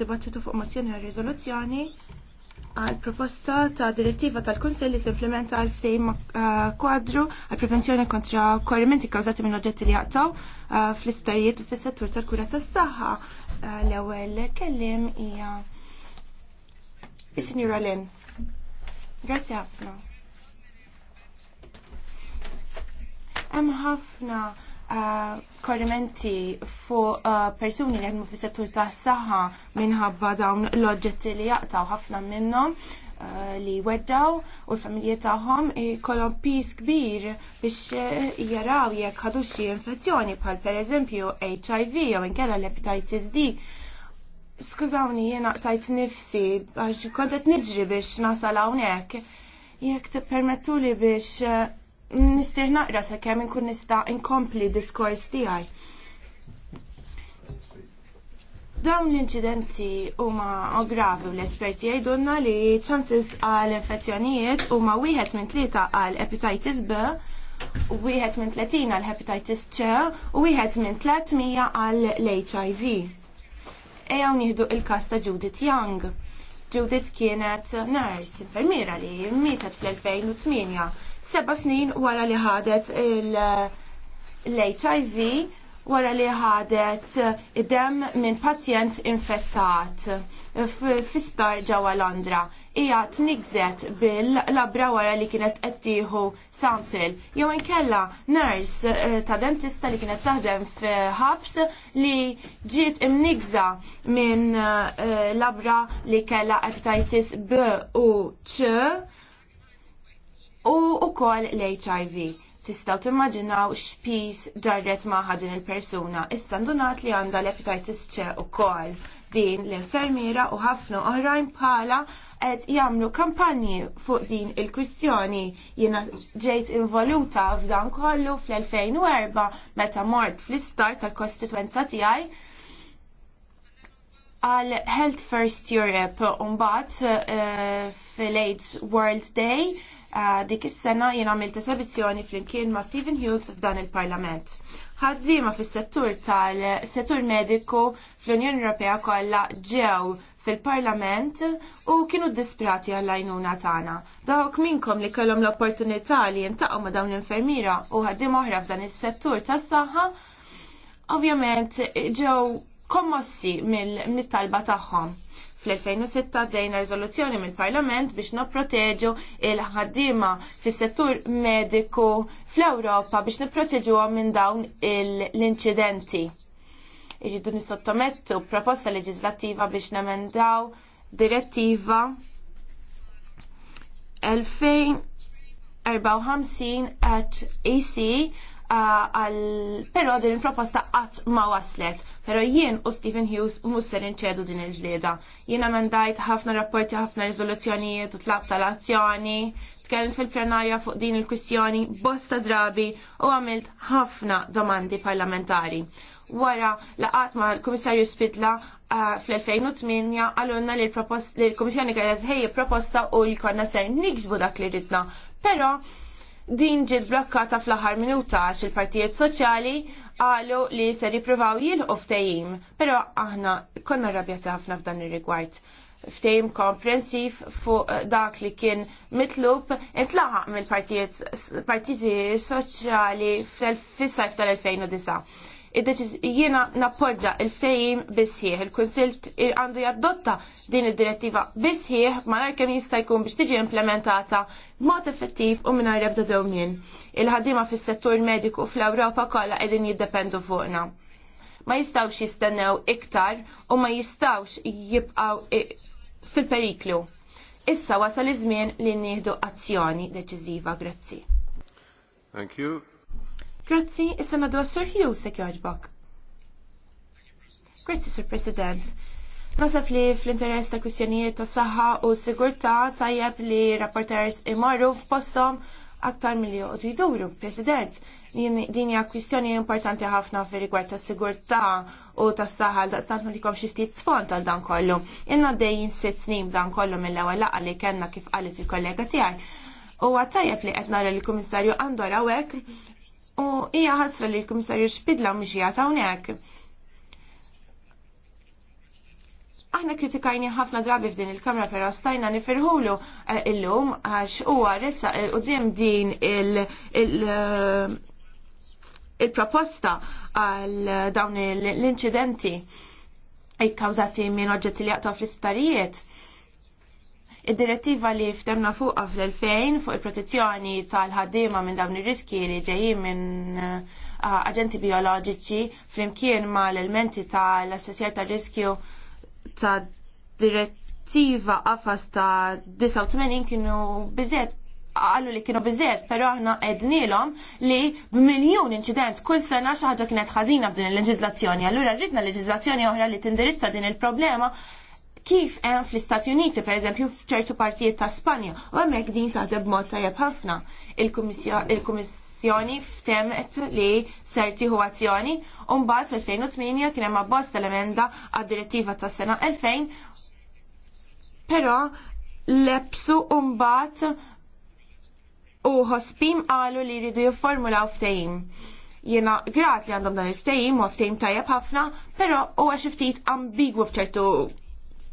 dibattitu fuq mozzjoni għal riżoluzzjoni għal proposta ta' direttiva tal-Kunsell li simplementa għal ftejn eh, kwadru għal prevenzjoni kontra korrimenti kawżati minn oġġetti li jaqtaw eh, fl u fis-settur tal-kura tas-saħħa. Eh, l-ewwel kellim hija is-Sinjura Lem. Grazzi ħafna. Hemm ħafna Eh, korrimenti fuq eh, persuni li għedmu fis settur tas saħħa minħabba dawn l-oġġetti li jaqtaw ħafna minnhom eh, li weddaw u l-familji tagħhom ikollhom pis kbir biex jaraw jekk ħadu xi infezzjoni bħal pereżempju HIV jew inkella l-hepatitis D. Skużawni jiena qtajt nifsi għax kont qed niġri biex nasal hawnhekk. Jekk tippermettuli biex nistir naqra sa' kemm inkun nista' inkompli diskors tiegħi. Dawn l-inċidenti huma gravi u l-esperti jgħidulna li ċansis għal infezzjonijiet huma wieħed minn tlieta għal hepatitis B, wieħed minn tletina għal hepatitis C u wieħed minn 300 għal hiv Ejja nieħdu il-kas ta' Judith Young. Judith kienet nurse, infermiera li mietet fl-2008 seba snin wara li ħadet l-HIV wara li ħadet id-dem minn pazjent infettat fistar ġewwa Londra. Hija tnigżet bil-labra wara li kienet qed tieħu sample. Jew inkella nurs eh, ta' dentista li kienet taħdem f'ħabs li ġiet imnigża minn eh, labra li kellha hepatitis B u C u wkoll l-HIV. Tistgħu timmaġinaw x'pis darret ma' il-persuna. Issa ndunat li għandha l ċe u ukoll din l-infermiera u ħafna oħrajn bħala qed jagħmlu kampanji fuq din il-kwistjoni. Jiena ġejt involuta f'dan kollu fl-2004 meta mort fl istart tal-kostituenza tiegħi għal Health First Europe mbagħad uh, eh, fil-AIDS World Day Ah, dik is-sena jien għamilt esebizzjoni flimkien ma' Stephen Hughes f'dan il-Parlament. Ħaddiema fis-settur tal-settur mediku fl-Unjoni Ewropea kollha ġew fil-Parlament u kienu disprati għall-għajnuna tagħna. Dawk minkom li kellhom l-opportunità li jintaqgħu ma' dawn l-infermiera u ħaddiema oħra f'dan is-settur tas-saħħa, ovvjament ġew kommossi mill-talba tagħhom. Fl-2006 dejna riżoluzzjoni mill-Parlament biex nopproteġu il-ħaddiema fis-settur mediku fl-Ewropa biex nipproteġuhom minn dawn l-inċidenti. Irridu nisottomettu proposta leġislattiva biex nemendaw direttiva 2054 at EC uh, għal pero din proposta qatt ma waslet pero jien u Stephen Hughes u musser inċedu din il-ġlieda. Jien amendajt ħafna rapporti, ħafna rizoluzzjonijiet, tlab tal-azzjoni, tkellimt fil-plenarja fuq din il-kwistjoni bosta drabi u għamilt ħafna domandi parlamentari. Wara laqat ma l-Komissarju Spidla uh, fl-2008 għallunna li l-Komissjoni kienet ħej proposta u li konna ser niksbu dak li ridna. Pero din ġiet blokkata fl-aħħar minuta għax il-partijiet soċjali qalu li se jippruvaw jilħu ftehim, però aħna konna rabjata ħafna f'dan ir-rigward ftehim komprensiv fuq dak li kien mitlub intlaħaq mill-partijiet soċjali fis-sajf tal-2009 jiena nappoġġa il fejim bisħieħ. Il-Kunsil għandu jaddotta din id-direttiva bisħieħ malar kemm jista' jkun biex tiġi implementata b'mod effettiv u mingħajr ebda dewmien. il ħadima fis-settur mediku fl-Ewropa kollha qegħdin jiddependu fuqna. Ma jistawx jistennew iktar u ma jistawx jibqaw fil-periklu. Issa wasal iż-żmien li nieħdu azzjoni deċiżiva. Grazzi. Thank you. Grazzi, issa nadu għas-Sur Hughes jek joġbok. Grazzi, Sur President. Nasab li fl-interess ta' kwistjonijiet ta' saħħa u sigurtà tajjeb li rapporters imorru f'postom aktar milli joqgħdu jduru, President. Din hija kwistjoni importanti ħafna fir rigward tas sigurtà u tas saħħa għal daqstant ma tikom ftit sfond għal dan kollu. Inna dejjin sitt snin dan kollu mill-ewwel laqgħa li kellna kif qalet il-kollega tiegħi. U għattajab li għetna l-Komissarju għandu għawek U hija ħasra li l komissarju xbidla mhux jagħta hawnhekk. Aħna kritikajni ħafna drabi f'din il-kamra però stajna nifirħulu eh, il-lum għax huwa ressa eh, qudiem din eh, il-proposta għal dawn l-inċidenti kkawżati minn oġġetti li jaqtaw fl-isptarijiet Id-direttiva li ftemna fuqha fl-2000 fuq il-protezzjoni tal-ħaddiema minn dawn ir-riski li ġejjin minn uh, aġenti bioloġiċi flimkien ma l-elementi tal-assessjar tal-riskju ta' direttiva qafas ta' 89 kienu biżet għallu li kienu biżet, pero aħna ednilom li b'miljun incident kull sena xaħġa kienet ħażina f'din il-leġizlazzjoni. Allura rridna leġizlazzjoni oħra li tindirizza din il-problema kif hemm fl-Istati Uniti, per eżempju, f'ċertu partijiet ta' Spanja, u hemmhekk din taħdem mod tajjeb ħafna. Il-Kummissjoni ftemet li serti tieħu azzjoni u mbagħad fil-2008 kien hemm abbost tal-emenda għad-direttiva tas sena 2000 però lepsu u mbagħad u ħospim qalu li jridu jifformulaw ftehim. Jiena grat li għandhom dan il-ftehim u ftehim tajjeb ħafna, però huwa xi ftit ambigwu f'ċertu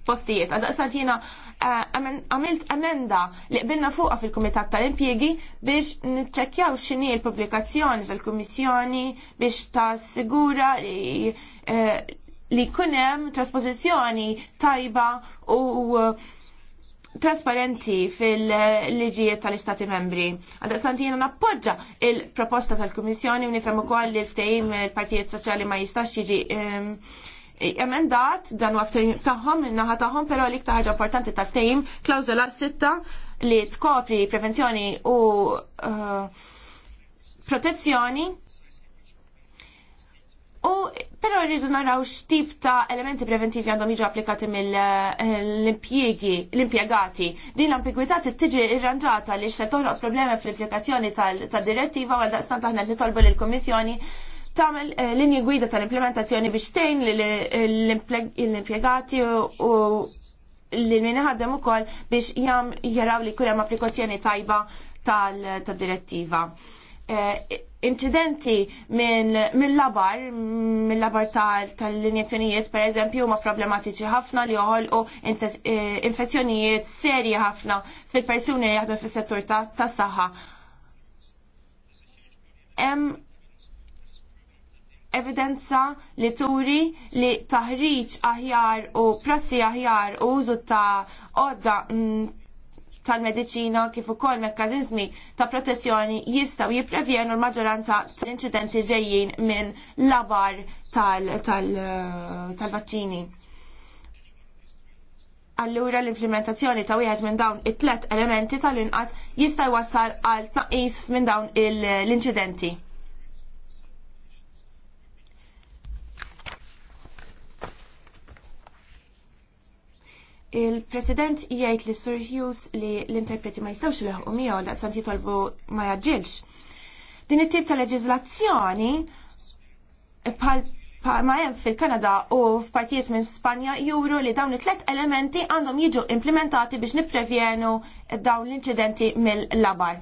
postijiet. Għadaqsant jena eh, għamilt emenda li qbilna fuqa fil-Kumitat tal-Impjegi biex nċekjaw xini l-publikazzjoni tal-Kummissjoni biex ta' sigura li eh, li kunem trasposizjoni tajba u trasparenti fil-liġijiet tal-Istati membri. Għadda santina nappoġġa il-proposta tal-Kummissjoni u nifhem ukoll li l-ftehim il-Partijiet Soċjali ma jistax jiġi ehm, emendat dan u għaftajn taħħom, naħa taħħom, pero li ħaġa importanti tal-ftejim, klawzola sitta li tkopri prevenzjoni u uh, protezzjoni. U pero rridu naraw x'tip ta' elementi preventivi għandhom jiġu applikati mill-impjiegi, l-impjegati. Din l-ambigwità tiġi irranġata li se toħloq problemi fl-applikazzjoni tad-direttiva għal daqstant aħna li tolbu lill-Kummissjoni tagħmel eh, linji gwida tal-implementazzjoni biex tgħin l-impjegati u li minħaddem ukoll biex jam jaraw li kull hemm applikazzjoni tajba tal-direttiva. Eh, incidenti mill-labar, mill-labar tal-injezzjonijiet, per eżempju, ma problematiċi ħafna li joħolqu eh, infezzjonijiet serji ħafna fil-persuni li jaħdmu fis-settur tas-saħħa hemm evidenza li turi li taħriġ aħjar u prassi aħjar u użu ta' odda mm, tal-medicina kif ukoll mekkaniżmi ta' protezzjoni jistgħu jipprevjenu l-maġġoranza tal-inċidenti ġejjin minn labar tal-vaċċini. Allura l-implementazzjoni ta' wieħed minn dawn it-tlet elementi tal-inqas jista' jwassal għal tnaqqis minn dawn l-inċidenti. Il-President jgħid li Sur Hughes li l-interpreti ma jistawx u miegħu daqsan jitolbu ma jaġġilx. Din it-tip ta' leġiżlazzjoni ma hemm fil-Kanada u f'partijiet minn Spanja juru li dawn it-tlet elementi għandhom jiġu implementati biex niprevjenu dawn l-inċidenti mill-labar.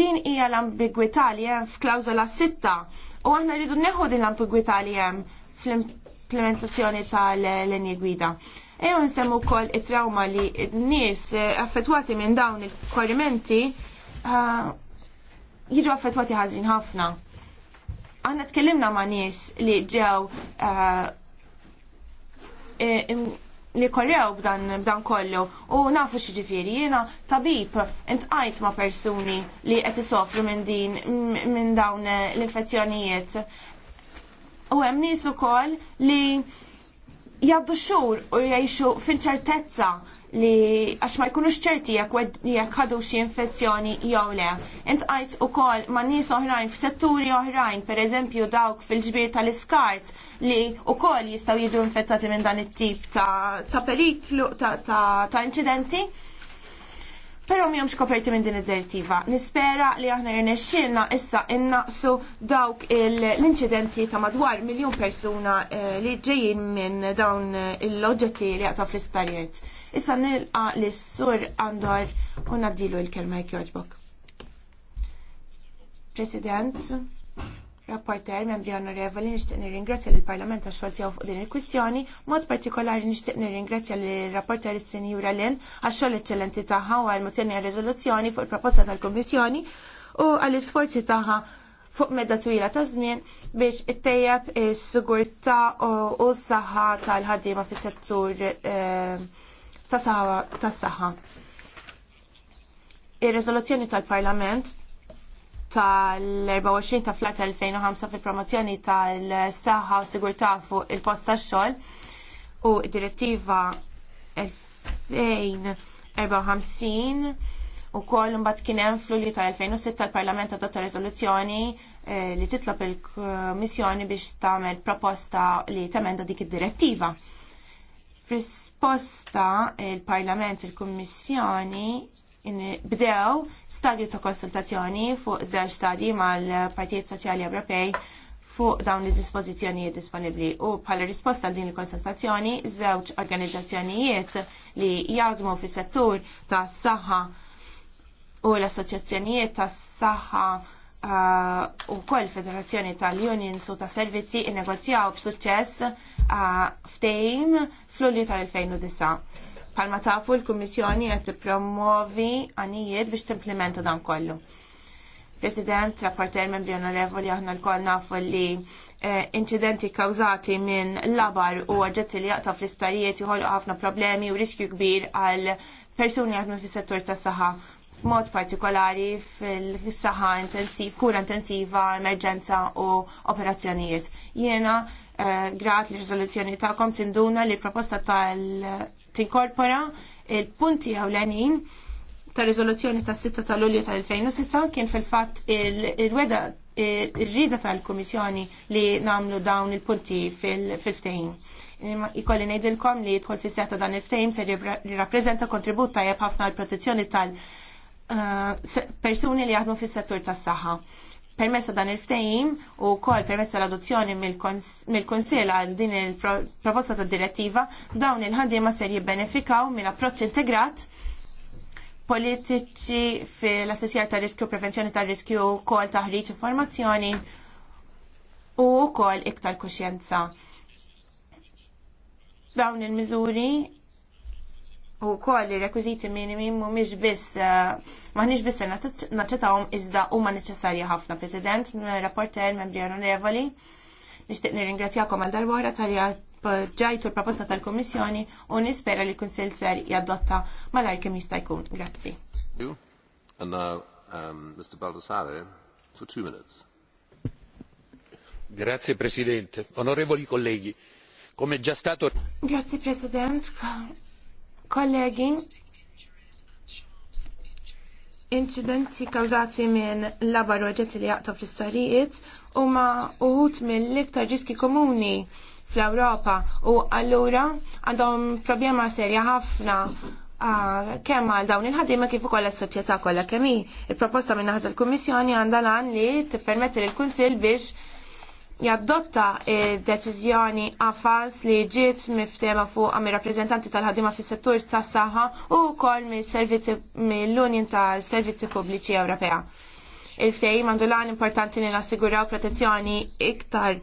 Din hija l-ambigwità li hemm f'klawżola sitta u aħna rridu neħu din l-ambigwità li hemm fl-implementazzjoni tal-linji gwida Ejja nsemmu wkoll it-trauma li n-nies eh, affettwati minn dawn il-korrimenti eh, jiġu affettwati ħażin ħafna. Għanna tkellimna ma' nies li ġew eh, li korrew b'dan, b'dan kollu u nafu xieġifiri jena tabib intqajt ma persuni li qed isofru minn din minn dawn l-infezzjonijiet. U hemm nies ukoll li jaddu xur u jgħixu fil-ċertezza li għax ma jkunux ċerti jekk ħadu xi infezzjoni jew le. Int u ukoll ma' nies oħrajn f'setturi oħrajn, pereżempju dawk fil-ġbir tal-iskart li kol jistgħu jiġu infettati minn dan it-tip ta', periklu ta', ta, ta inċidenti. Pero mi jomx koperti minn din id-direttiva. Nispera li aħna jirnexxilna issa innaqsu dawk l-inċidenti ta' madwar miljon persuna eh, li ġejjin minn dawn l eh, loġetti li għata fl istariet Issa nilqa li s-sur għandor u dilu il-kelma jek joġbok. President, Rapporter, membri onorevoli, nixtieq nirringrazzja lill parlament għax xogħol tiegħu fuq din il-kwistjoni, mod partikolari nixtieq nirringrazzja lir rapporter is-Sinjura Lin għax xogħol eċċellenti tagħha u għal mozzjoni għal riżoluzzjoni fuq il-proposta tal-Kummissjoni u għall isforzi tagħha fuq medda twila ta' żmien biex ittejjeb is-sigurtà u s-saħħa tal-ħaddiema fis-settur eh, tas-saħħa. Ir-riżoluzzjoni tal-Parlament tal-24 ta' flat 2005 fil-promozjoni tal-saħħa u sigurtà fuq il-post ta' xogħol u direttiva 2054 u koll mbagħad kien hemm fl-Ulju tal-2006 tal-Parlament adotta riżoluzzjoni eh, li titlob il-Kummissjoni biex tagħmel proposta li temenda dik id-direttiva. Risposta il-Parlament il-Kummissjoni bdew stadju ta' konsultazzjoni fuq żewġ stadji mal-Partijiet Soċjali Ewropej fuq dawn id-dispożizzjonijiet disponibbli u bħala risposta għal din il-konsultazzjoni żewġ organizzazzjonijiet li jgħadmu fis-settur tas saħħa u l-assoċjazzjonijiet tas saħħa uh, u koll federazzjoni tal-Unions u ta' servizzi innegozjaw b'suċċess uh, ftejn fl-ulju tal-2009 Palma tafu l-Kummissjoni qed tippromovi għanijiet biex timplementa dan kollu. President, rapporter membri onorevoli, aħna l-koll nafu li eh, incidenti kawzati minn labar u għagġetti li jaqta fl-isptarijiet jħolqu ħafna problemi u riskju kbir għal persuni għadmu fis-settur tas-saħħa mod partikolari fil-saħħa intensiv, kura intensiva, emerġenza u operazzjonijiet. Jiena, uh, grat li rizoluzzjoni ta'kom tinduna li proposta tal tinkorpora il-punti ewlenin ta' riżoluzzjoni ta' 6 ta' Lulju tal-2006 kien fil-fatt il-weda il-rida tal-Komissjoni li namlu dawn il-punti fil ftejn ikolli nejdilkom li jidħol fi seta dan il-ftejm se jirrapprezenta kontribut tajjeb ħafna l protezzjoni tal- eh, persuni li jaħdmu fis settur tas saħħa Permessa dan il-ftehim u kol permessa l-adozzjoni mill-Konsil għal din il-proposta ta' direttiva, dawn il-ħaddiema ser jibbenefikaw minn approċċ integrat politiċi fil-assessjar ta' riskju, prevenzjoni ta' riskju, kol taħriġ informazzjoni u kol iktar kuxjenza. Dawn il-miżuri u koll li rekwiziti minimi mhumiex biss eh, maħniex biss naċċettawhom iżda huma neċessarja ħafna President, rapporter, membri onorevoli. Nixtieq nirringrazzjakom għal darbora tal ġajtu l-proposta tal-Kommissjoni u nispera li l-Kunsill ser jadotta malar kemm jista' jkun. Grazzi. And now, um, Mr. Baldassare, for two minutes. Grazie Presidente, onorevoli colleghi, come già stato... Grazie Presidente, Kollegi, incidenti kawżati minn labar oġġetti li jaqtaw fl-istarijiet huma uħut mill-iktar riski komuni fl-Ewropa u allura għandhom problema serja ħafna kemm għal dawn il-ħaddiema kif ukoll is-soċjetà kollha kemm hi. Il-proposta minn naħa tal-Kummissjoni għandha lan li tippermetti lill-Kunsill biex jaddotta eh, deċiżjoni għafas li ġiet miftema fuq għam rappresentanti tal-ħadima fis settur tas saħħa u wkoll mill unjon tal-Servizzi Pubbliċi Ewropea. Il-ftehim għandu importanti li nassiguraw protezzjoni iktar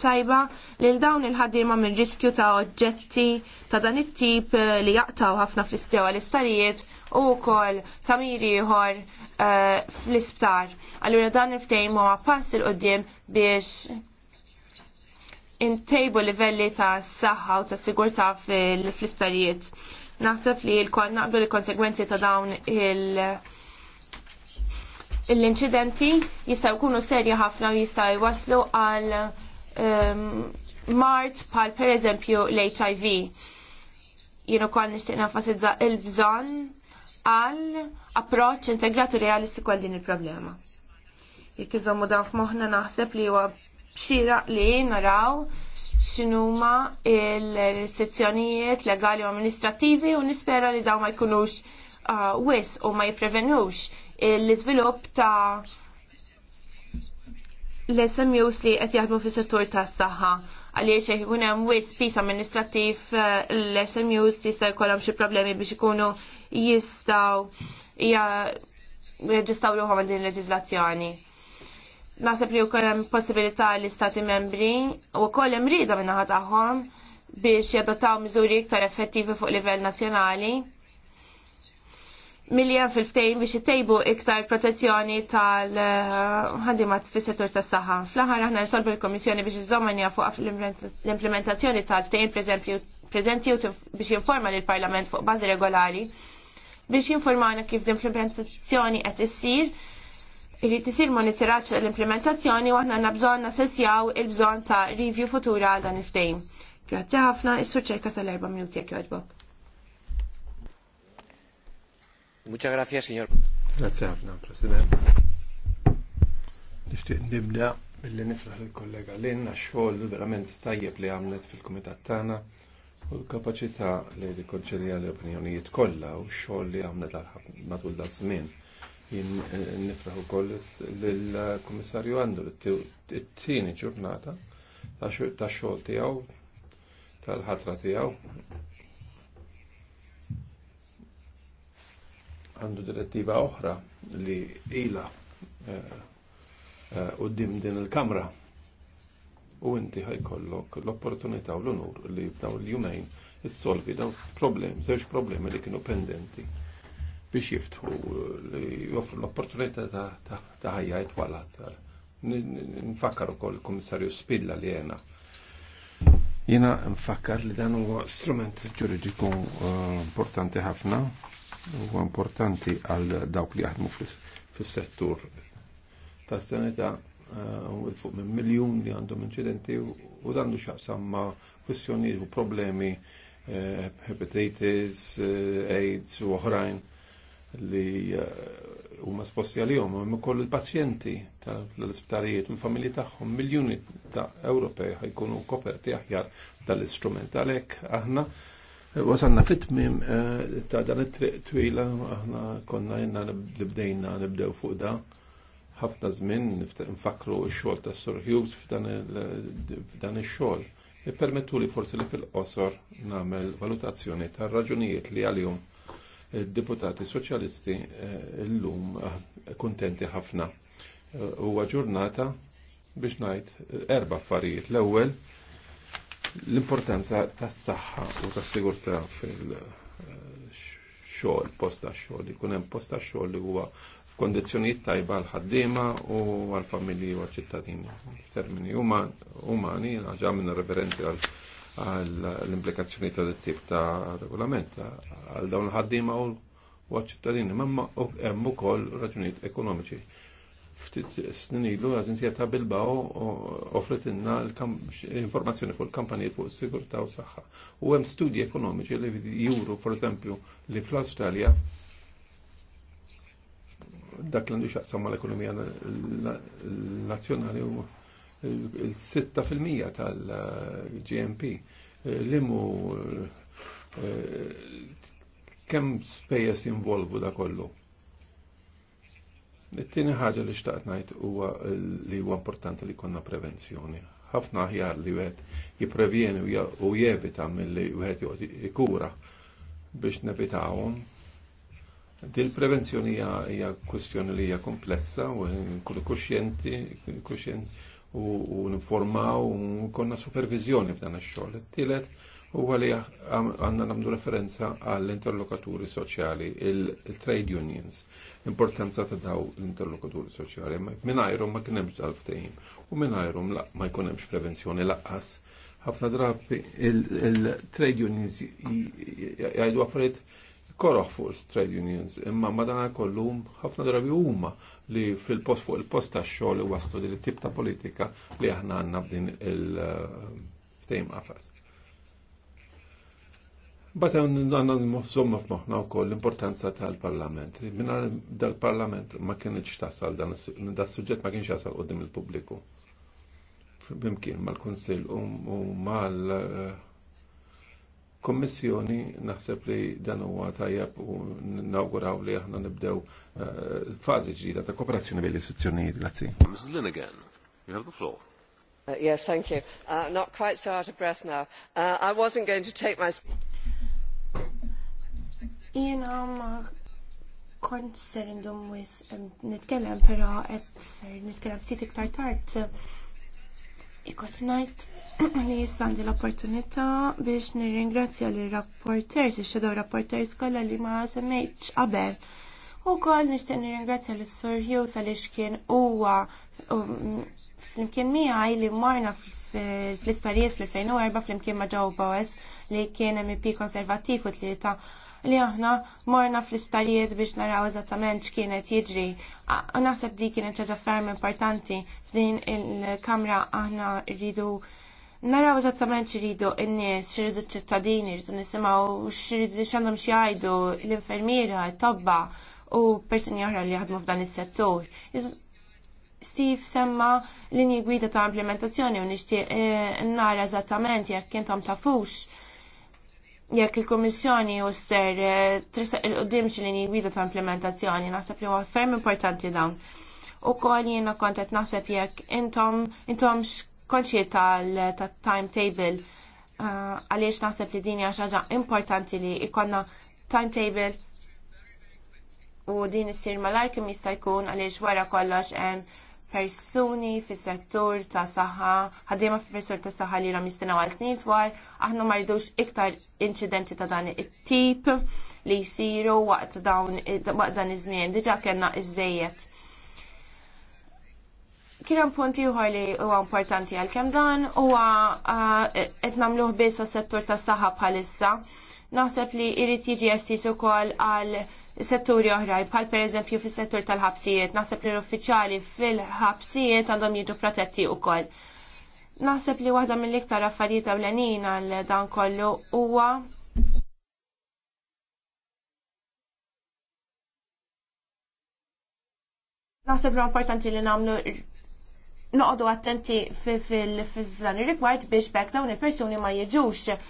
tajba lil dawn il-ħadima minn riskju ta' oġġetti ta' dan it-tip eh, li jaqtaw ħafna fl-ispjewa l-istarijiet u kol tamiri ieħor uh, fl-isptar. Allura dan il ftejm u pass il qoddim biex intejbu livelli ta' s-saħħa u ta' sigurtà fl-isptarijiet. Naħseb li l-kon naqblu l-konsekwenzi ta' dawn il- l-inċidenti jistaw kunu serja ħafna u jistaw jwaslu għal um, mart pal per eżempju l-HIV. Jino kol nishtiqna fasidza il-bżon għal approċċ integratu realistiku għal din il-problema. Jek iżommu dan f'moħħna naħseb li huwa xira li naraw x'inhuma il-sezzjonijiet legali u amministrativi u nispera li dawn ma jkunux uh, wis u ma jipprevenux l-iżvilupp ta' l-SMUs li qed jaħdmu fis-settur tas-saħħa għaliex jekk ikun hemm pis amministrattiv uh, l-SMUs jista' jkollhom xi problemi biex ikunu jistaw jistaw juħom din leġizlazzjoni. Nasib li u kolem possibilità li stati membri u kolem rida minna ħataħom biex jadottaw miżuri iktar effettivi fuq livell nazjonali miljon fil-ftejn biex jittejbu iktar protezzjoni tal-ħadimat fis settur tas saħħa Fl-aħħar aħna nsolbu l-Komissjoni biex iżomanja fuq l-implementazzjoni tal-ftejn preżempju preżenti biex jinforma l parlament fuq bażi regolari biex jinformawna kif l implementazzjoni qed issir irrid isir monitoraġġ l-implementazzjoni u aħna bżonn nassessjaw il-bżonn ta' review futura għal dan iftejn. Grazzi ħafna, issu ċerka sal-erba' minuti jekk jogħġbok. Muchas gracias, signor. Grazie ħafna, President. Nixtieq nibda billi nifraħ lill kollega Lin għax-xogħol verament tajjeb li għamlet fil-kumitat tagħna u l-kapacità li konċenja l-opinjonijiet kollha u xogħol li għamlet matul da żmien. Jien eh, nifraħu ukoll lill-Kummissarju Għandu t tieni ġurnata ta' xogħol tiegħu tal-ħatra tiegħu għandu direttiva oħra li ila eh, eh, u dim din il-kamra u inti ħajkollok l-opportunità u l-onur li f'dawn l-jumejn jissolvi daw problem, żewġ problemi li kienu pendenti biex jiftħu li joffru l-opportunità ta' ħajja jitwala. Nfakkar ukoll il-Kummissarju Spilla li jena. Jena nfakkar li dan huwa strument ġuridiku eh, importanti ħafna, u importanti għal dawk li jaħdmu fis-settur tas-sanità Eh, u uh, fuq minn miljon li għandhom incidenti u dandu xaqsam ma' kwestjoni u problemi uh, hepatitis, uh, AIDS u oħrajn li uh, u ma sposti għalihom, imma koll il-pazjenti tal-isptarijiet u l-familji taħħom miljoni ta' Ewropej ħajkunu koperti aħjar tal istrument għalek aħna Wasanna fit-tmim ta' dan it-triq twila aħna konna jenna li bdejna nibdew fuq da' ħafna żmien nfakru x-xogħol ta' Sur Hughes f'dan ix-xogħol. Permettu li forsi li fil-qosor nagħmel valutazzjoni tar raġunijiet li għalihom id-deputati soċjalisti eh, llum eh, kuntenti ħafna. Eh, huwa ġurnata biex ngħid erba' affarijiet. L-ewwel l-importanza tas-saħħa u tas-sigurtà fil- xogħol, posta xogħol, ikun hemm posta xol li huwa kondizjoniet tajba għal-ħaddima u għal-familji u għal-ċittadini. Termini umani, ġa minn referenzi għall-implikazzjoni ta' tip ta' regolament għal dawn l-ħaddima u għal-ċittadini, mamma u għemmu kol raġunijiet ekonomiċi. Ftit s ilu l-Aġenzija ta' Bilbao offret inna informazzjoni fuq il-kampanijiet fuq s-sigurta u s-saxħa. U għem studji ekonomiċi li juru, for eżempju, li fl australia dak l-għandu xaqsam ma l-ekonomija nazjonali u il-6% tal-GMP. Eh, Limu eh, kem spejjeż involvu da kollu? It-tieni ħaġa li xtaqt ngħid huwa li huwa importanti li jkollna prevenzjoni. Ħafna aħjar li wieħed jipprevjeni u jevita milli wieħed ikura biex nevitawhom Dil prevenzjoni hija kwestjoni li hija komplessa u nkunu kuxjenti, kuxjenti u nformaw u konna supervizjoni f'dan ix-xogħol. Tielet huwa li għandna nagħmlu referenza għall-interlokaturi soċjali, il-trade unions, l-importanza ta' daw l-interlokaturi soċjali. Minajrum ma kienemx dal ftehim u minajrum ma jkun hemmx prevenzjoni laqqas. ħafna drabi il-trade unions jgħidu affarijiet koroħ fuq trade unions, imma madana kollum ħafna drabi huma li fil-post fuq il-post ta' xogħol waslu li tip ta' politika li aħna għandna b'din il-ftejm qafas. Bata għanna zomma f'moħna u koll l-importanza tal-parlament. Minna dal-parlament ma kienx tasal dan il-sujġet ma kienx jasal qoddim il-publiku. Bimkien mal-konsil u mal Kommissjoni naħseb li dan huwa tajjeb u nawguraw li aħna nibdew eh, fażi ġdida ta' kooperazzjoni bil istituzzjonijiet Grazzi. Linnigan, you have the floor. Uh, yes, thank you. Uh, not quite so out of breath now. Uh, I wasn't going to take my... kont ser indum wis nitkellem, pero et uh, ser nitkellem ftit iktar tard Ikot najt li jissandi l-opportunità biex nir-ringrazzja li rapporters, il-xedaw rapporters kolla li ma semmejtx qabel. U kol nishtiq nirringrazzja li s Jusa um, li kien uwa fl-imkien għaj li marna fl-isparijiet fl-2004 fl-imkien ma bawes li kien MP konservativ u tlieta li aħna morna fl isparijiet biex naraw eżattament x'kienet jiġri. Naħseb di kienet ċaġa ferm importanti Din il-kamra aħna rridu naraw eżattament rridu n-nies, ċ ċittadini, xiridu nisimaw, xiridu xandom jgħidu l-infermiera, t-tobba u persuni oħra li jaħdmu f'dan is-settur. Steve semma linji gwida ta' implementazzjoni u nixtieq eh, nara eżattament jekk intom tafux jekk il-Komissjoni u s-ser eh, trisaq il-qoddim xil-linji gwida ta' implementazzjoni, naħseb li huwa ferm importanti dawn u kol jena kontet naħseb jekk intom intom xkonċi tal-timetable uh, għaliex naħseb li dini għaxħaġa importanti li ikonna timetable u din issir malar kim jista' jkun għaliex wara kollox hemm persuni fis settur ta' saħħa, ħaddiema fis settur ta' saħħa li ram jistina għal snin dwar, aħna ma rridux iktar incidenti ta' dan it-tip li jsiru waqt dawn waqt dan iż-żmien. Diġà kellna iż Kien hemm punti ieħor li huwa importanti għalkemm dan huwa qed nagħmluh biss għas-settur tas-saħħa bħalissa. Naħseb li jrid jiġi estis ukoll għal setturi oħra, bħal pereżempju fis-settur tal-ħabsijiet, naħseb li l-uffiċjali fil-ħabsijiet għandhom jiġu protetti wkoll. Naħseb li waħda mill-iktar affarijiet ewlenin għal dan kollu huwa Naħseb li importanti li nagħmlu noqogħdu attenti fil ir-rigward biex bekk dawn il-persuni ma jiġux eh,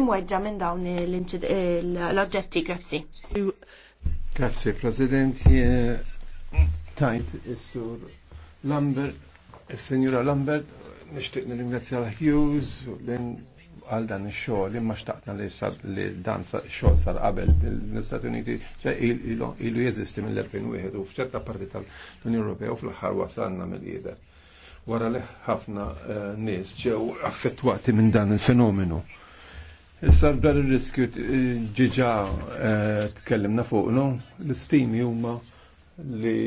imweġġa minn dawn l-oġġetti. Grazzi. Grazzi, President. Tajt, il sur Lambert, il senjura Lambert, nixtieq nirringrazzja l-Hughes għal dan ix-xogħol imma xtaqna li sar li dan xogħol sar qabel l-Istati Uniti il-lu jeżisti mill-2001 u f'ċerta parti tal-Unjoni Europea u fl-aħħar wasalna mill-qiegħda wara li ħafna eh, nies ġew affettwati minn dan il-fenomenu. Issa dan ir-riskju eh, ġiġa eh, tkellimna fuq, no? L-istimi huma li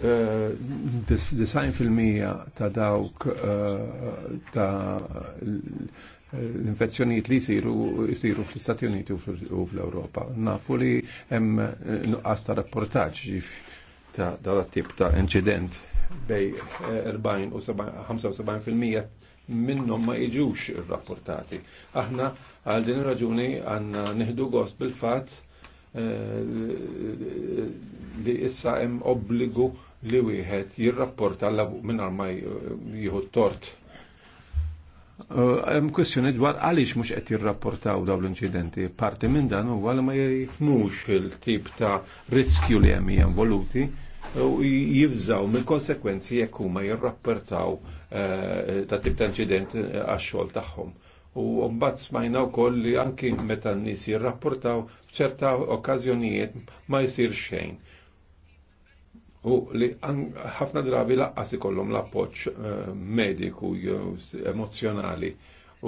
design fil-mija ta' dawk ta' l-infezzjonijiet li jisiru jisiru fl-Istati Uniti u fl-Europa. Nafu li hemm nuqqas ta' rapportaġġ ta' dat tip ta' incident bej 40 eh, u 75% minnhom ma jiġux irrapportati. Aħna għal din raġuni għandna neħdu gost bil-fatt eh, li issa hemm obbligu li wieħed jirrapporta minn ma jieħu tort. Eh, hemm kwestjoni dwar għaliex mhux qed jirrapportaw dawn l-inċidenti. Parti minn dan huwa li ma jifmux il-tip ta' riskju li hemm involuti u jibżaw mill konsekwenzi jekk huma jirrapportaw eh, ta' tip ta' inċident eh, għax-xogħol tagħhom. U mbagħad smajna wkoll li anki meta n-nies jirrapportaw f'ċerta okkażjonijiet ma jsir xejn. U li ħafna drabi laqqas ikollhom l-appoġġ eh, mediku jew emozjonali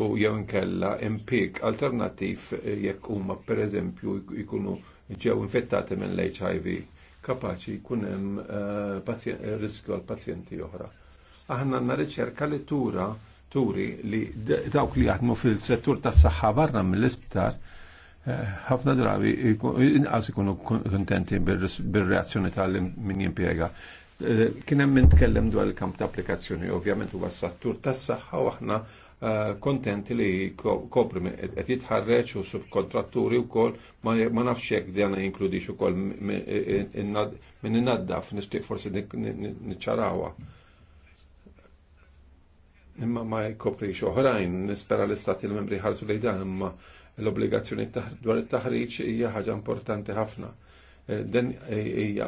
u jew inkella impik alternattiv jekk huma pereżempju jkunu ġew infettati minn l-HIV kapaċi jkun hemm eh, eh, riskju għal pazjenti oħra. Aħna għandna riċerka li tura turi li dawk li jaħdmu fil-settur tas-saħħa barra mill-isptar eh, ħafna drabi inqas ikunu kontenti bir-reazzjoni tal min jimpiega. Kien hemm min tkellem dwar il-kamp ta' applikazzjoni, ovvjament huwa s-sattur tas-saħħa u aħna Eh, kontenti li kopri et jitħarreċ u subkontratturi kol ma nafx għana dana jinkludix ukoll e- e- minn innaddaf nistiq forsi niċċarawha. Imma ma jkoprix oħrajn, nispera l istat il membri ħarsu li dan imma l-obbligazzjoni dwar it-taħriġ hija ħaġa importanti ħafna Eh, den eh, hija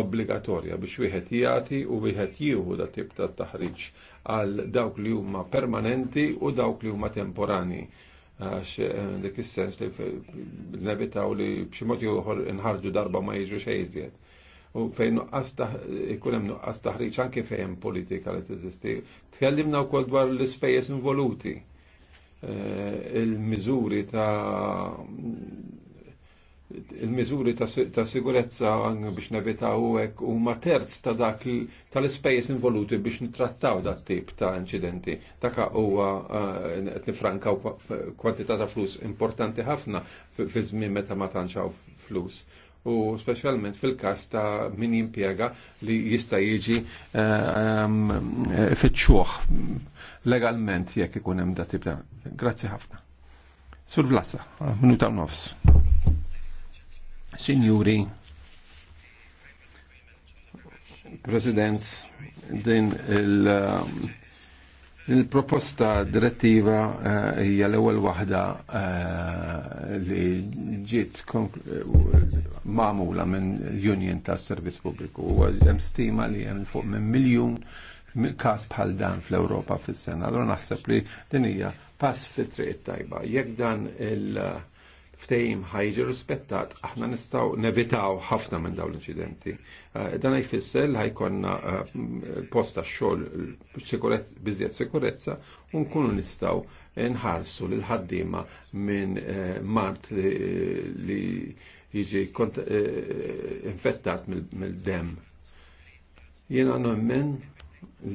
obbligatorja biex wieħed jagħti u wieħed jieħu da tip ta' taħriġ għal dawk li huma permanenti u dawk li huma temporani għax eh, dik is-sens li nevitaw li b'xi mod ieħor inħarġu darba ma jiġu xejn U fejn ikun hemm nuqqas taħriġ anke fejn politika li tiżisti. Tkellimna wkoll dwar l-ispejjeż involuti il-miżuri ta' il-miżuri ta' sigurezza biex nevitaw hekk huma terz ta' dak tal-ispejjeż involuti biex nittrattaw dat tip ta' inċidenti. Dak huwa eh, qed nifranka kwantita ta' flus importanti ħafna fi żmien meta ma tantxaw flus u specialment fil-kas ta' min jimpiega li jista' jiġi eh, mm, eh, fitxuħ legalment jekk ikun hemm da tip ta' Grazzi ħafna. Sur Vlasa, minuta nofs. Signori, President, din il- um, Il-proposta direttiva eh, hija l-ewwel waħda eh, li ġiet eh, magħmula minn Union tas Servizz Pubbliku. Hemm stima li hemm fuq minn miljun każ bħal dan fl-Ewropa fis-sena. Allura naħseb li din hija pass fit-triq tajba. Jekk dan il- ftejim ħajġi rispettat, aħna nistaw nevitaw ħafna minn dawn l-inċidenti. Eh, dan jfisser li ħajkonna eh, posta xogħol biżjed sikurezza u nkunu nistaw nħarsu l ħaddiema minn eh, mart li jiġi infettat mill-dem. Jiena nemmen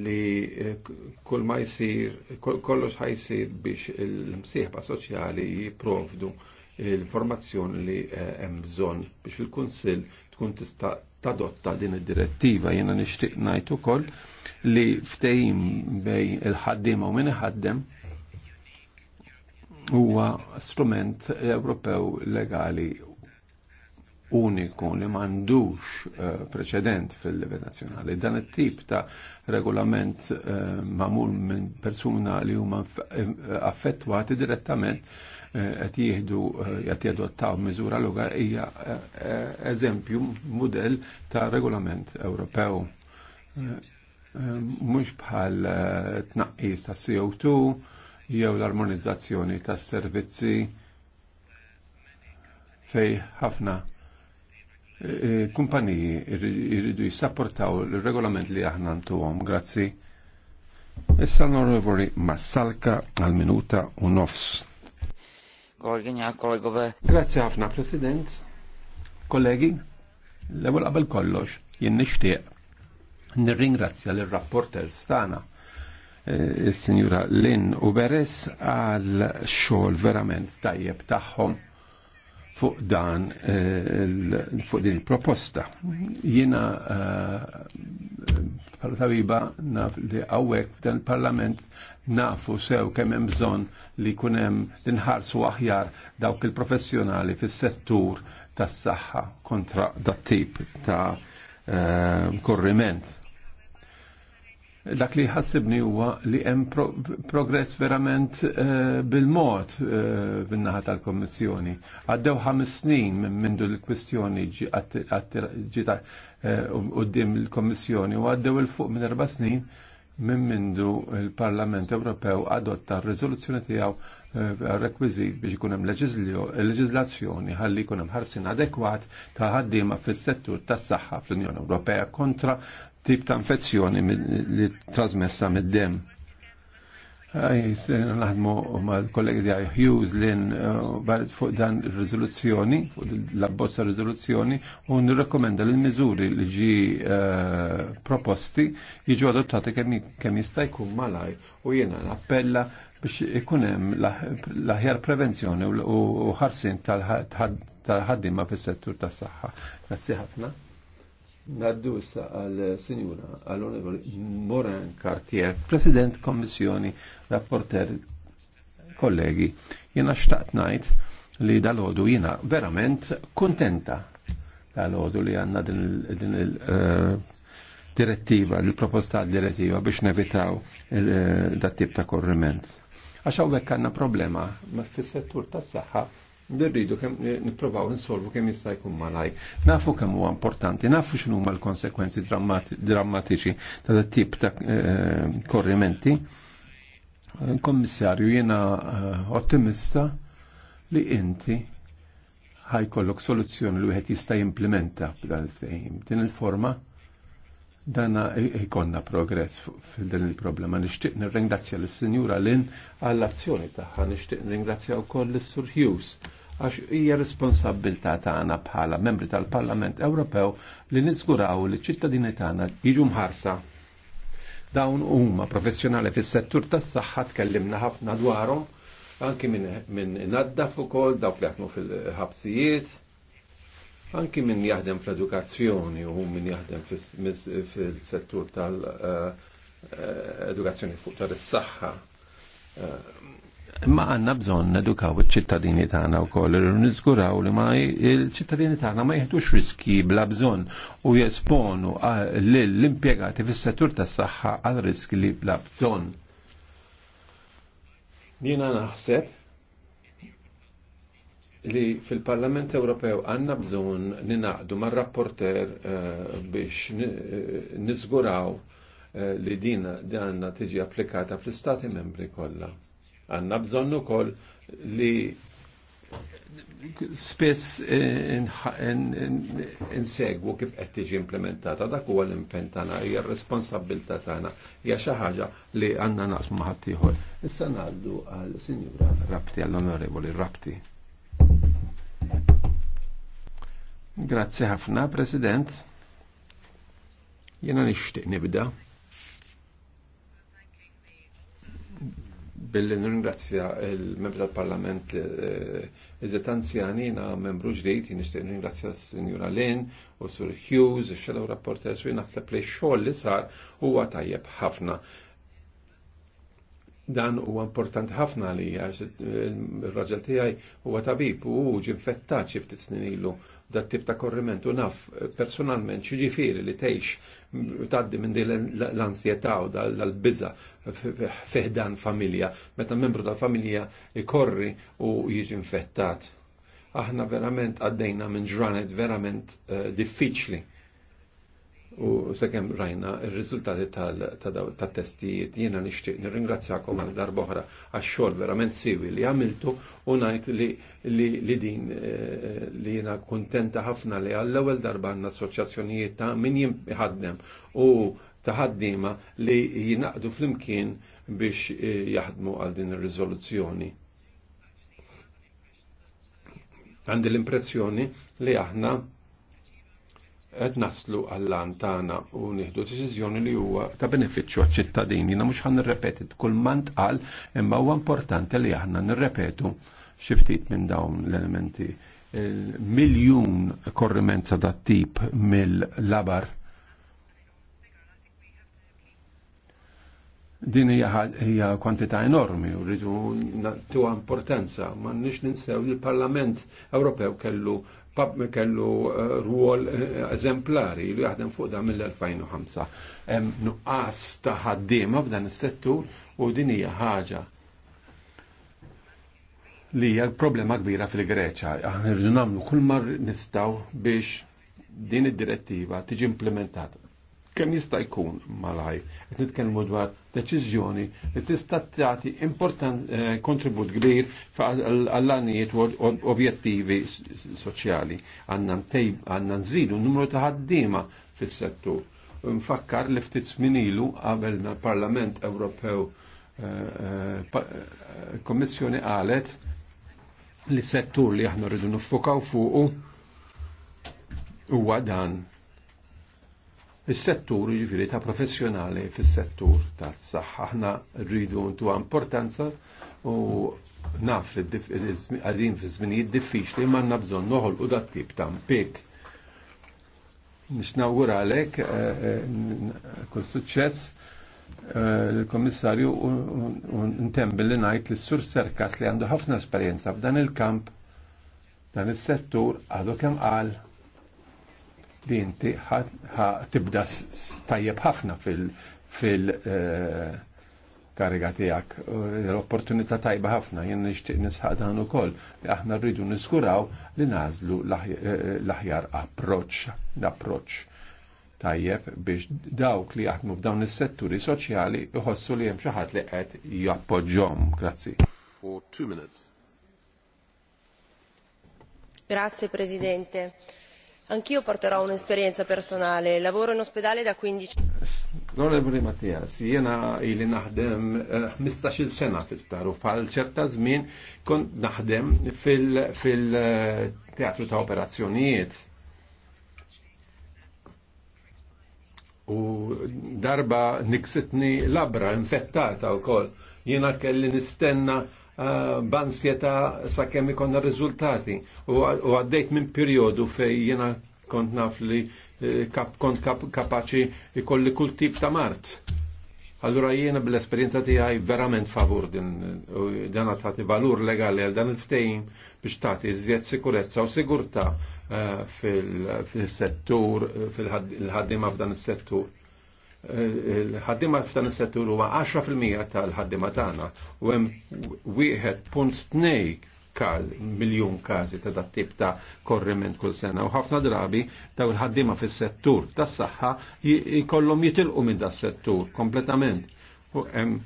li kull ma jsir, kollox ħajsir biex il-msieħba soċjali jiprovdu l-informazzjoni li eh, hemm bżonn biex il-Kunsill tkun tista' tadotta din id-direttiva. Jiena nixtieq ngħid ukoll li ftehim bej il ħaddiem u min iħaddem huwa strument Ewropew legali uniku li mandux eh, preċedent fil-livell nazzjonali. Dan it-tip ta' regolament uh, eh, mamul minn persuna li huma affettwati direttament qed jieħdu qed eh, jadottaw miżura loga hija eh, eh, eżempju mudell ta' regolament Ewropew. Mhux bħal tnaqqis ta' CO2 jew l-armonizzazzjoni ta' servizzi fej ħafna kumpaniji jridu jissapportaw l regolament li aħna ntuhom, grazzi. Issa l-onorevoli Massalka għal minuta u nofs. Grazie ħafna, President. Kollegi, l-ewwel qabel kollox jien nixtieq nirringrazzja lir rapporter stana eh, is-Sinjura Lin u Beres għal xogħol verament tajjeb tagħhom fuq dan eh, fuq din il-proposta. Jiena eh, bħala tabiba naf li għawek f'dan il-parlament nafu sew kemm hemm bżonn li jkun hemm inħarsu aħjar dawk il-professjonali fis-settur tas-saħħa kontra dat-tip ta' eh, korriment dak li ħassibni huwa li hemm progress verament eh, bil-mod bin-naħa eh, tal-Kommissjoni. Għaddew ħames snin mindu l-kwistjoni ġita eh, qudiem il-Kommissjoni u għaddew il-fuq minn erba' snin minn mindu il-Parlament Ewropew adotta r-riżoluzzjoni tiegħu Eh, rekwizit biex ikun hemm leġiżlazzjoni ħalli jkun hemm ħarsin adekwat ta' ħaddiema fis-settur tas-saħħa fl-Unjoni Ewropea kontra tip ta' infezzjoni li trasmessa mid-dem. Naħdmu mal kollegi di Hughes Lin eh, barit fuq dan il rizoluzzjoni, fuq l-abbozza rizoluzzjoni, u nirrekomenda li l-mizuri li ġi eh, proposti jiġu adottati kemm jista' jkun malaj u jiena appella biex ikunem l-aħjar prevenzjoni u ħarsin tal-ħaddima fis-settur tas-saħħa. Grazzi ħafna. Naddu issa għal sinjura għal Moran Cartier, President Kommissjoni, rapporter kollegi. Jena xtaqt najt li dal-ħodu jena verament kontenta dal-ħodu li għanna din il-direttiva, eh, il-proposta direttiva biex nevitaw eh, dat-tip ta' korriment Għax hawnhekk għandna problema fis-settur tas-saħħa Dirridu kem niprovaw insolvu kemm jista' jkun malaj. Nafu kemm huwa importanti, nafu xinu ma l-konsekwenzi drammatiċi ta' dat tip ta' eh, korrimenti. Kommissarju jiena eh, ottimista li inti ħajkollok soluzzjoni li wieħed jista' jimplementa bdal fejn Din il-forma dana ikonna progress fil-din il-problema. Nishtiq nirringrazzja l-Sinjura Lin għall-azzjoni tagħha, nixtieq nirringrazzja wkoll l-Sur Hughes għax hija responsabilità tagħna bħala membri tal-Parlament Ewropew li niżguraw li ċ ċittadini tagħna jiġu mħarsa. Dawn huma professjonali fis-settur tas-saħħa tkellimna ħafna dwarhom anki minn naddaf ukoll dawk li jaħdmu fil-ħabsijiet Anki min jaħdem fl-edukazzjoni u min jaħdem fil-settur tal-edukazzjoni eh, eh, fuq tal-saħħa. Eh, ma għanna bżon nedukaw iċ-ċittadini tagħna wkoll irru niżguraw li ma il-ċittadini tagħna ma jieħdux riski bla bżonn u jesponu l-impjegati fis-settur tas-saħħa għal riski li bla bżonn. Jiena naħseb li fil-Parlament Ewropew għanna bżon ninaqdu mar rapporter eh, biex nizguraw eh, eh, li din għanna tiġi applikata fl-Stati membri kollha. Għanna bżonn ukoll li spiss insegwu kif qed tiġi implementata dak huwa l-impenn tagħna hija r responsabbilità tagħna hija xi ħaġa li għandna naqsmu ħadd ieħor. Issa ngħaddu għal Sinjura Rapti għall-Onorevoli Rapti. Grazzi ħafna, President. Jena nixtieq nibda billi nringrazzja il-membri tal-Parlament eh, iżet anzjani jena membru ġdejt jien nixtieq nringrazzja s-Sinjura Lin u Sur Hughes, ix-Shadow Rapporters u naħseb li xoll xogħol li sar huwa tajjeb ħafna dan huwa importanti ħafna li għax il-raġel tiegħi huwa tabib u ġinfettat xi ftit snin ilu dat tip ta' korriment u naf personalment ċiġifiri li teħx taddi minn din l-ansjetà u dal-biza feħdan familja, meta membru tal-familja ikorri u jiġi infettat. Aħna verament għaddejna minn ġranet verament eh, diffiċli u sekem rajna il-rizultati tal-testijiet jiena nixtieq nirringrazzjakom għal darboħra għax-xogħol verament siwi li għamiltu u ngħid li din eh, li jiena kuntenta ħafna li għall-ewwel darba għandna assoċjazzjonijiet ta' min jimħaddem u ta' ħaddiema li jinaqdu flimkien biex eh, jaħdmu għal din ir-riżoluzzjoni. Għandi l-impressjoni li aħna qed naslu għall-lan tagħna u nieħdu deċiżjoni li huwa ta' benefiċċju għaċ-ċittadini. na mhux ħanirrepeti kull mant qal imma huwa importanti li aħna nirrepetu xi ftit minn dawn l-elementi. Miljun korrimenza dat tip mill-labar din hija kwantità enormi u rridu tuha importanza ma nix ninsew l parlament Ewropew kellu me kellu eh, ruol eh, eżemplari li jaħdem fuq da mill-2005. Hemm nuqqas ta' ħaddiema f'dan is-settur u din hija ħaġa li hija problema kbira fil-Greċja. Aħna rridu nagħmlu kull mar nistgħu biex din id-direttiva tiġi implementata kemm jista' jkun malaj. Qed nitkellmu dwar deċiżjoni li tista' tagħti important eh, kontribut kbir għall-għanijiet u objettivi soċjali. Għandna għandna nżidu n-numru ta' ħaddiema fis-settur. Nfakkar li ftit ilu qabel Parlament Ewropew eh, eh, Kommissjoni qalet li settur li aħna rridu niffokaw fuqu huwa dan Is-settur jiġifieri ta' professjonali fis-settur tas-saħħa aħna rridu ntuha importanza u naf li għadin fi żminijiet diffiċli m'għandna bżonn noħolqu dat tip ta' impik. Nixnawgur għalek eh, eh, kull suċċess eh, l-komissarju ntembil li najt li sur serkas li għandu ħafna esperjenza f'dan il-kamp dan is-settur għadu kemm qal li inti tibda tajjeb ħafna fil- eh, kariga tijak. L-opportunità tajba ħafna, jenna nishtiq nisħaq dan ukoll li aħna rridu niskuraw li nażlu eh, l-aħjar approċ, l-approċ tajjeb biex dawk li jaħdmu f'dawn is-setturi soċjali iħossu li hemm xi ħadd li qed jappoġġhom. Grazzi. For two minutes. Grazie Presidente. Anch'io porterò un'esperienza personale. Lavoro in ospedale da 15 L-Onorevoli Mattias, jena ili naħdem 15 eh, sena tisptaru, fal ċerta żmien kont naħdem fil-teatru ta' operazzjonijiet. U darba niksitni labra infettata u koll, jena kelli nistenna b'ansjeta sakemm ikonna riżultati. U għaddejt minn perjodu fej jiena kont naf li eh, kont kapaċi ikolli kull tip ta' mart. Allura jiena bl-esperienza tiegħi verament favur din dan tagħti valur legali għal dan il-ftehim biex tagħti iżjed sikurezza u sigurtà eh, fil-settur fil-ħaddiema f'dan is-settur il-ħaddima f'dan is-settur huwa 10% tal-ħaddima tagħna u hemm wieħed punt miljun każi ta' dat tip ta' korriment kull sena u ħafna drabi daw il-ħaddima fis-settur tas-saħħa jkollhom jitilqu minn das-settur kompletament. U hemm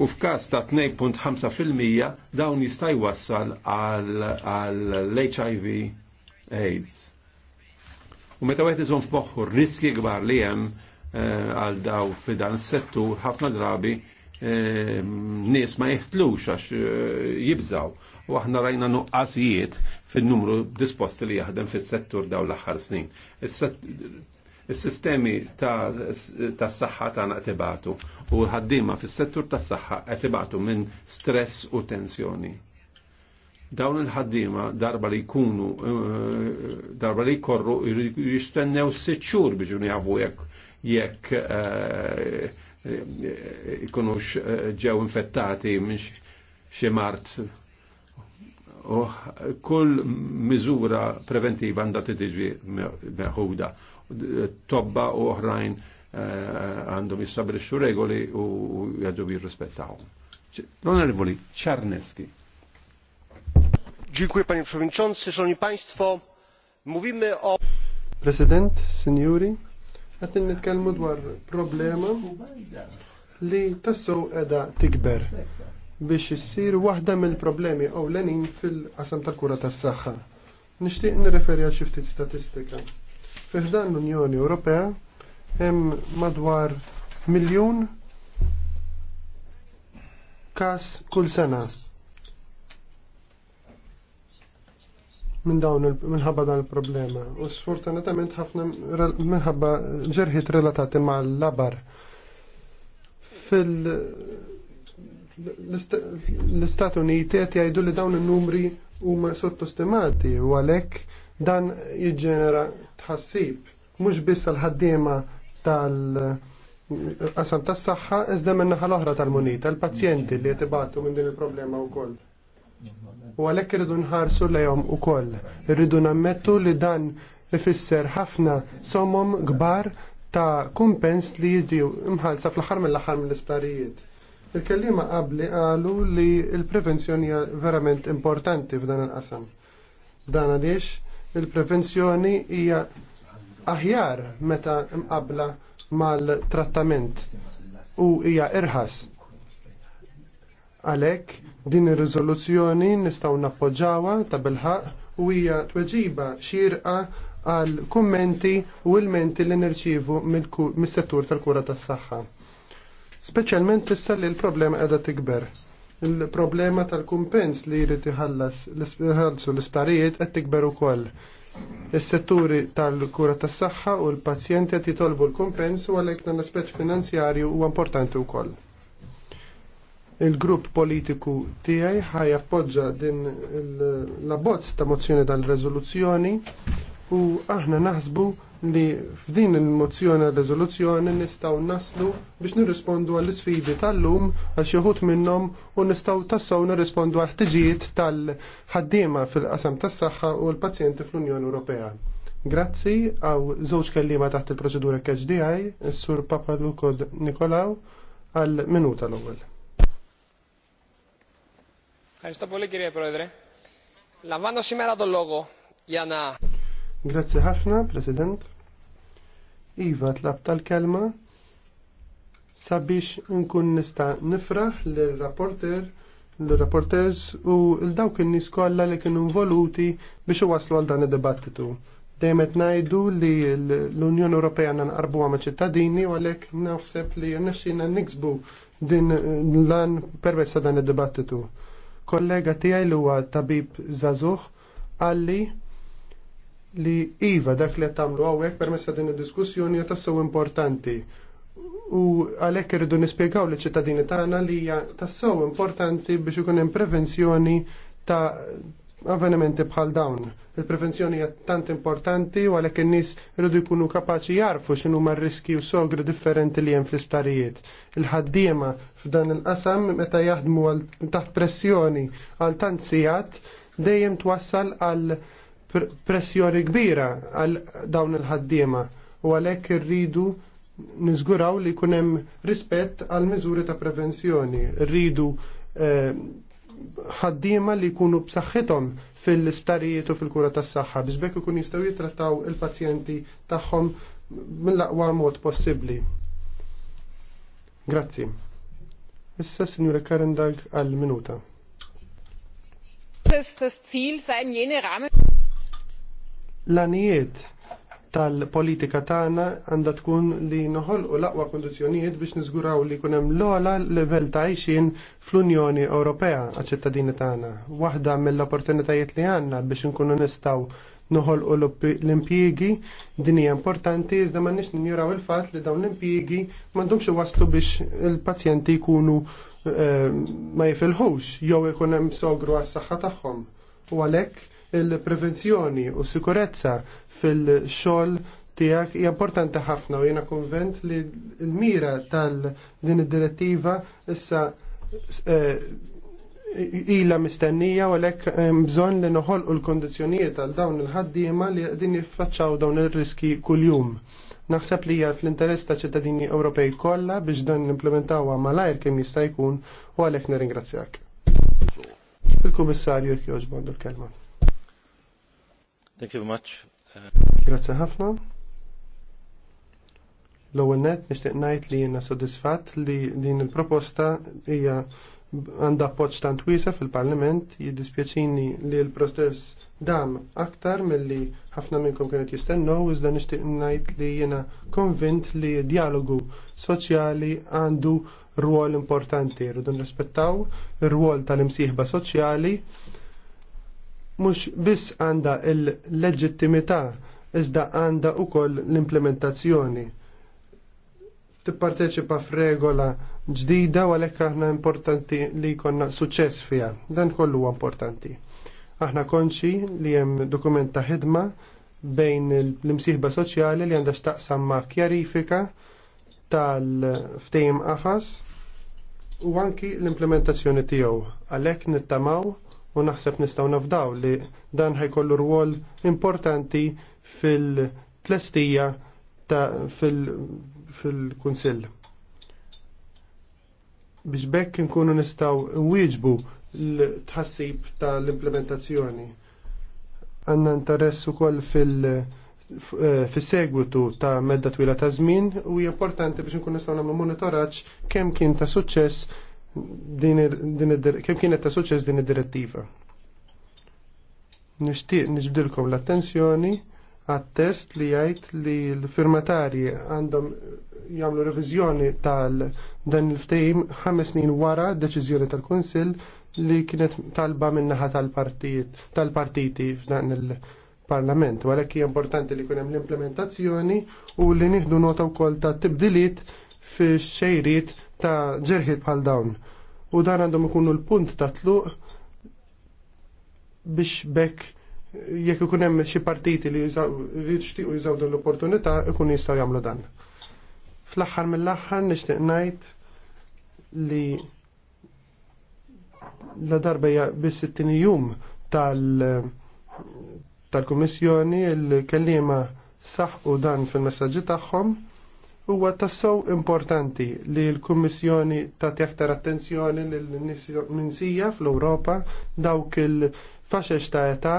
u f'każ ta' 2.5% dawn jista' jwassal għall hiv AIDS U meta wieħed iżon f'moħħu riski kbar li hemm eh, għal daw f'dan settur ħafna drabi eh, nies ma jeħtlux għax eh, jibżaw. U aħna rajna nuqqasijiet fin-numru disposti li jaħdem fis-settur daw l-aħħar snin. Is-sistemi tas saħħa tagħna qed ibatu u ħaddiema fis-settur tas saħħa qed ibatu minn stress u tensjoni. Dawn il-ħaddima darba li jkunu, eh, darba li jkorru, jistennew s-sitxur biex jafu jekk jekk eh, eh, ikunux ġew infettati minn xemart. mart oh, kull mizura preventiva għandha tiġi meħuda. Tobba u oħrajn għandhom jistabrixxu regoli u jgħadu jirrispettawhom. L-Onorevoli Czarneski panie przewodniczący! szanowni państwo! mówimy o. president Seniori, qed nitkellmu dwar problema li tassew qiegħda tikber biex issir waħda mill-problemi ewlenin fil-qasam tal-kura tas-saħħa. Nixtieq nirreferi għal xi ftit statistika. Fi l-Unjoni Ewropea hemm madwar miljun każ kull sena minn dawn minħabba dan il-problema. U sfortunatament ħafna minħabba ġerħiet relatati mal-labar. Fil l-Istat Uniti qed jgħidu li dawn in-numri huma sottostimati u għalhekk dan jiġġenera tħassib mhux biss l-ħaddiema tal- qasam tas-saħħa iżda minn naħa l-oħra tal-munita, l-pazjenti li qed ibatu minn din il-problema wkoll. U għalhekk rridu nħarsu lejhom ukoll. Irridu nammettu li dan ifisser ħafna somom kbar ta' kumpens li jiġu mħalsa fl-aħħar mill-aħħar mill-isptarijiet. Il-kellima qabli qalu li l-prevenzjoni hija verament importanti f'dan il-qasam. Dan għaliex il-prevenzjoni hija aħjar meta mqabla mal-trattament u hija irħas Għalek, din ir-riżoluzzjoni nistgħu nappoġġawha ta' bilħaq u hija tweġiba xirqa għal kummenti u l menti li nirċivu mis-settur tal-kura tas-saħħa. Speċjalment issa li l-problema qiegħda tikber il-problema tal-kumpens li jrid iħallas l-isparijiet qed tikber ukoll. Is-setturi tal-kura tas-saħħa u l-pazjenti qed jitolbu l-kumpens u għalhekk dan l-aspett finanzjarju huwa importanti wkoll il-grupp politiku tiegħi ħaj appoġġa din l-abbozz ta' mozzjoni tal-rezoluzzjoni u aħna naħsbu li f'din il-mozzjoni għal-rezoluzzjoni nistaw naslu biex nirrispondu għall sfidi tal-lum għal xieħut minnom u nistaw tassaw nirrispondu għal ħtiġijiet tal-ħaddima fil-qasam tas-saħħa u l-pazjenti fl-Unjoni Ewropea. Grazzi għaw żewġ kellima taħt il-proċedura KHDI, s-sur Papa Luko Nikolaw, għal minuta l-ewwel. Ευχαριστώ poli κύριε Πρόεδρε. Λαμβάνω σήμερα τον λόγο για Grazie ħafna, President. Iva tlab tal-kelma sabiex nkun nista nifraħ l-rapporter l-rapporters u l-dawk in-nies kollha li kienu involuti biex waslu għal dan id-dibattitu. Dejjem qed ngħidu li l-Unjoni Ewropea nanqarbuha ma' ċittadini u għalhekk naħseb li rnexxina niksbu din l-lan permezz dan id-dibattitu kollega tiegħi li huwa tabib Zazuh għalli li iva dak li tagħmlu hawnhekk permezz ta' din id-diskussjoni tassew importanti. U għalhekk irridu nispjegaw liċ ċittadini tagħna li hija tassew importanti biex ikun hemm prevenzjoni ta' avvenimenti bħal dawn. Il-prevenzjoni hija tant importanti u għalhekk in-nies iridu jkunu kapaċi jarfu x'inhu ma riski u sogri differenti li hemm fl-isptarijiet. Il-ħaddiema f'dan il-qasam meta jaħdmu għal taħt pressjoni għal tant sigħat dejjem twassal għal pressjoni kbira għal dawn il-ħaddiema u għalhekk irridu niżguraw li jkun hemm rispett għal miżuri ta' prevenzjoni. Rridu eh, ħaddiema li jkunu b'saħħithom fil istarijiet u fil-kura tas-saħħa biex bekk ikun jistgħu jittrattaw il-pazjenti tagħhom mill-aqwa mod possibbli. Grazzi. Issa Sinjura Karendag għal minuta. L-anijiet tal-politika tagħna għandha tkun li noħolqu l-aqwa kondizzjonijiet biex niżguraw li jkun hemm l-ogħla livell ta' għajxin fl-Unjoni Ewropea għaċ-ċittadini tagħna. Waħda mill-opportunitajiet li għandna biex inkunu nistgħu noħolqu l-impjiegi din hija importanti iżda m'għandniex ninjuraw il-fatt li dawn l-impjiegi m'għandhomx iwasslu biex il-pazjenti jkunu eh, ma jifilħux jew ikun hemm sogru għas-saħħa tagħhom u għalhekk il-prevenzjoni u sikurezza fil-xogħol tiegħek hija importanti ħafna u jiena konvent li l-mira tal-din id-direttiva issa eh, ila mistennija u għalek eh, bżon li noħol u l-kondizjonijiet għal dawn il-ħaddima li din jiffaċċaw dawn il-riski kull-jum. Naħseb li hija fl-interess ta' ċittadini Ewropej kollha biex dan nimplementawha ajr kemm jista' jkun u għalhekk nirringrazzjak. Il-Kummissarju jekk l-kelma. Thank you very much. Grazie ħafna. L-ewwel net nixtieq ngħid li jiena sodisfatt li din il-proposta hija għandha appoġġ tant wiesa fil-Parlament jiddispjaċini li l-proċess dam aktar milli ħafna minnkom kienet jistennew iżda nixtieq ngħid li jiena konvint li dialogu soċjali għandu rwol importanti, rridu nrispettaw ir-rwol tal-imsieħba soċjali mhux biss għandha l-leġittimità iżda għandha wkoll l-implementazzjoni. Tipparteċipa f'regola ġdida u għalhekk aħna importanti li jkollna suċċess fiha. Dan kollu huwa importanti. Aħna konċi li hemm dokument ta' ħidma bejn l-imsieħba soċjali li għandha x'taqsam ma' kjarifika tal-ftejm qafas u anki l-implementazzjoni tiegħu. Għalhekk nittamaw u naħseb nistgħu nafdaw li dan ħajkollu rwol importanti fil-tlestija fil-Kunsill. Biex bekk nkunu nistgħu nwieġbu l-tħassib tal-implementazzjoni. Għandna interess ukoll fil- Eh, fis-segwitu ta' medda twila ta' żmien u importanti biex nkun nistgħu nagħmlu monitoraġġ kemm kien ta' suċċess kemm kienet ta' suċċess din id-direttiva. Nixtieq niġbdilkom l-attenzjoni għat-test li jgħid li l-firmatarji għandhom jagħmlu reviżjoni tal dan il-ftehim ħames snin wara deċiżjoni tal-Kunsill li kienet talba min-naħa tal-partijiet tal-partiti f'dan il- parlament għalhekk hija importanti li jkun hemm l-implementazzjoni u li nieħdu nota wkoll ta' tibdiliet fix-xejriet ta' ġerħiet bħal dawn. U dan għandhom ikunu l-punt ta' tluq biex bekk jekk ikun hemm xi partiti li jixtiequ jużaw din l-opportunità ikun jistgħu jagħmlu dan. Fl-aħħar mill-aħħar nixtieq ngħid li la darba bis-60 jum tal- tal-Kummissjoni il-kellima u dan fil-messagġi tagħhom huwa tassew importanti li l-Kummissjoni tagħti aktar attenzjoni lill-minsija fl-Ewropa dawk il-faxex ta' età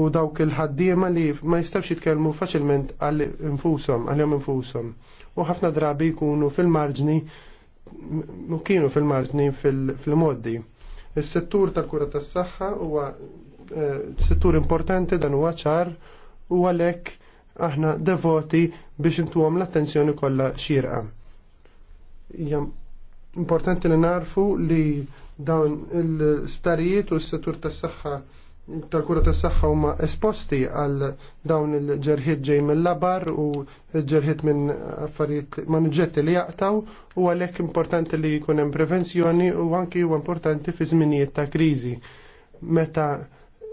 u dawk il-ħaddiema li ma jistawx jitkellmu faċilment għal infushom għalhom infushom. U ħafna drabi jkunu fil-marġni kienu fil-marġni fil-moddi. Is-settur tal-kura tas-saħħa huwa Eh, settur importanti dan huwa ċar u għalhekk aħna devoti biex intuhom l-attenzjoni kollha xirqa. Hija importanti li narfu li dawn il-sptarijiet u s-settur tas-saħħa tal-kura tas-saħħa huma esposti għal dawn il-ġerħiet ġej mill-labar u ġerħiet minn affarijiet manuġġetti li jaqtaw u għalhekk importanti li jkun hemm prevenzjoni u anki huwa importanti fi żminijiet ta' kriżi. Meta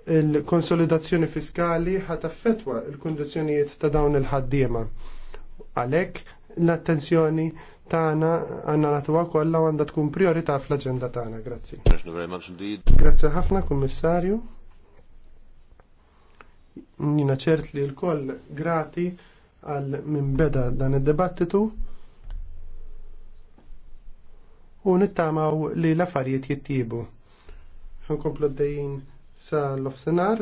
il-konsolidazzjoni fiskali ħat affetwa il-kondizjonijiet ta' dawn il-ħaddiema. Għalek, l-attenzjoni tagħna għandna natwa kollha għandha tkun priorità fl-aġenda tagħna. Grazzi. Grazzi ħafna, Kummissarju. Nina ċert li l-koll grati għal minn beda dan id-debattitu u nittamaw li l-affarijiet jittibu. Nkomplu d sa l-ofsenar